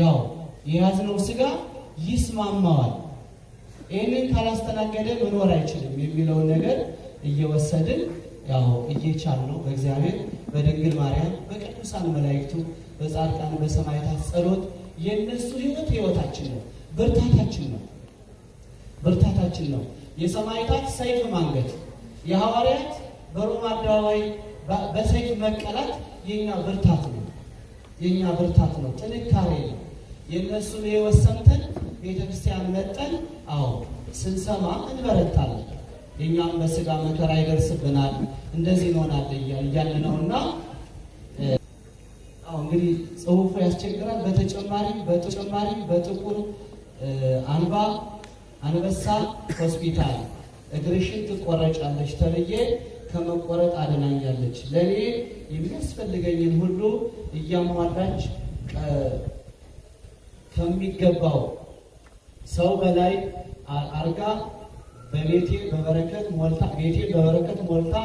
ያው የያዝነው ስጋ ይስማማዋል። ይህንን ካላስተናገደ መኖር አይችልም የሚለውን ነገር እየወሰድን ያው እየቻል ነው በእግዚአብሔር በድንግል ማርያም በቅዱሳን መላእክቱ በጻድቃን በሰማዕታት ጸሎት የእነሱ ህይወት ህይወታችን ነው፣ ብርታታችን ነው፣ ብርታታችን ነው። የሰማዕታት ሰይፍ ማንገት፣ የሐዋርያት በሮማ አደባባይ በሰይፍ መቀላት የኛ ብርታት ነው። የእኛ ብርታት ነው፣ ጥንካሬ ነው። የእነሱን የህይወት ሰምተን ቤተ ክርስቲያን መጠን አዎ ስንሰማ እንበረታለን። የእኛም በስጋ መከራ ይደርስብናል፣ እንደዚህ እንሆናል እያለ ነው እና እንግዲህ ጽሁፉ ያስቸግራል። በተጨማሪም በተጨማሪም በጥቁር አንባ አንበሳ ሆስፒታል እግርሽን ትቆረጫለች ተብዬ ከመቆረጥ አድናኛለች። ለእኔ የሚያስፈልገኝን ሁሉ እያሟላች ከሚገባው ሰው በላይ አርጋ በቤቴ በበረከት ሞልታ ቤቴ በበረከት ሞልታ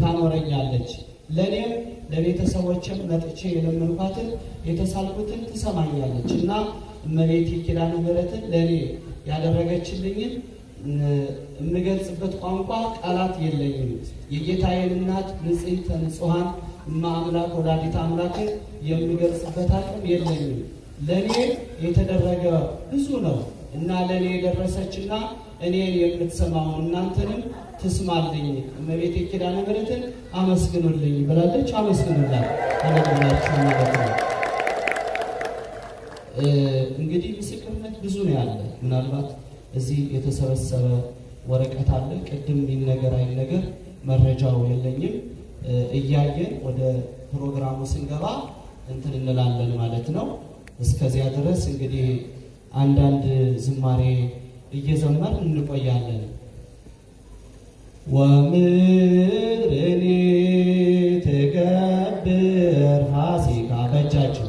ታኖረኛለች። ለእኔም ለቤተሰቦችም መጥቼ የለመንኳትን የተሳልኩትን ትሰማኛለች እና እመቤቴ ኪዳነ ምሕረትን ለእኔ ያደረገችልኝን የምገልጽበት ቋንቋ ቃላት የለኝም። የጌታዬን እናት ንጽሕተ ንጹሐን እማ አምላክ ወላዲተ አምላክን የምገልጽበት አቅም የለኝም። ለእኔ የተደረገ ብዙ ነው እና ለእኔ የደረሰችና እኔን የምትሰማው እናንተንም ትስማልኝ እመቤቴ ኪዳነ ምሕረትን አመስግኑልኝ ብላለች። አመስግኑላት አለላችሁ ነው። እንግዲህ ምስክርነት ብዙ ነው ያለ ምናልባት እዚህ የተሰበሰበ ወረቀት አለ። ቅድም ይነገር አይነገር መረጃው የለኝም። እያየን ወደ ፕሮግራሙ ስንገባ እንትን እንላለን ማለት ነው። እስከዚያ ድረስ እንግዲህ አንዳንድ ዝማሬ እየዘመር እንቆያለን። ወምድርኒ ትገብር ፋሲካ በእጃቸው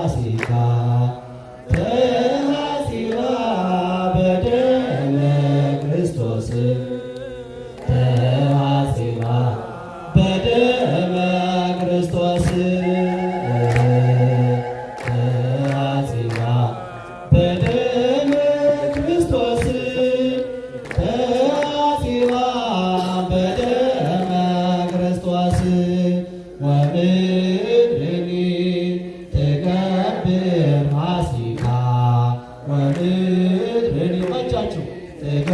I'm fazer.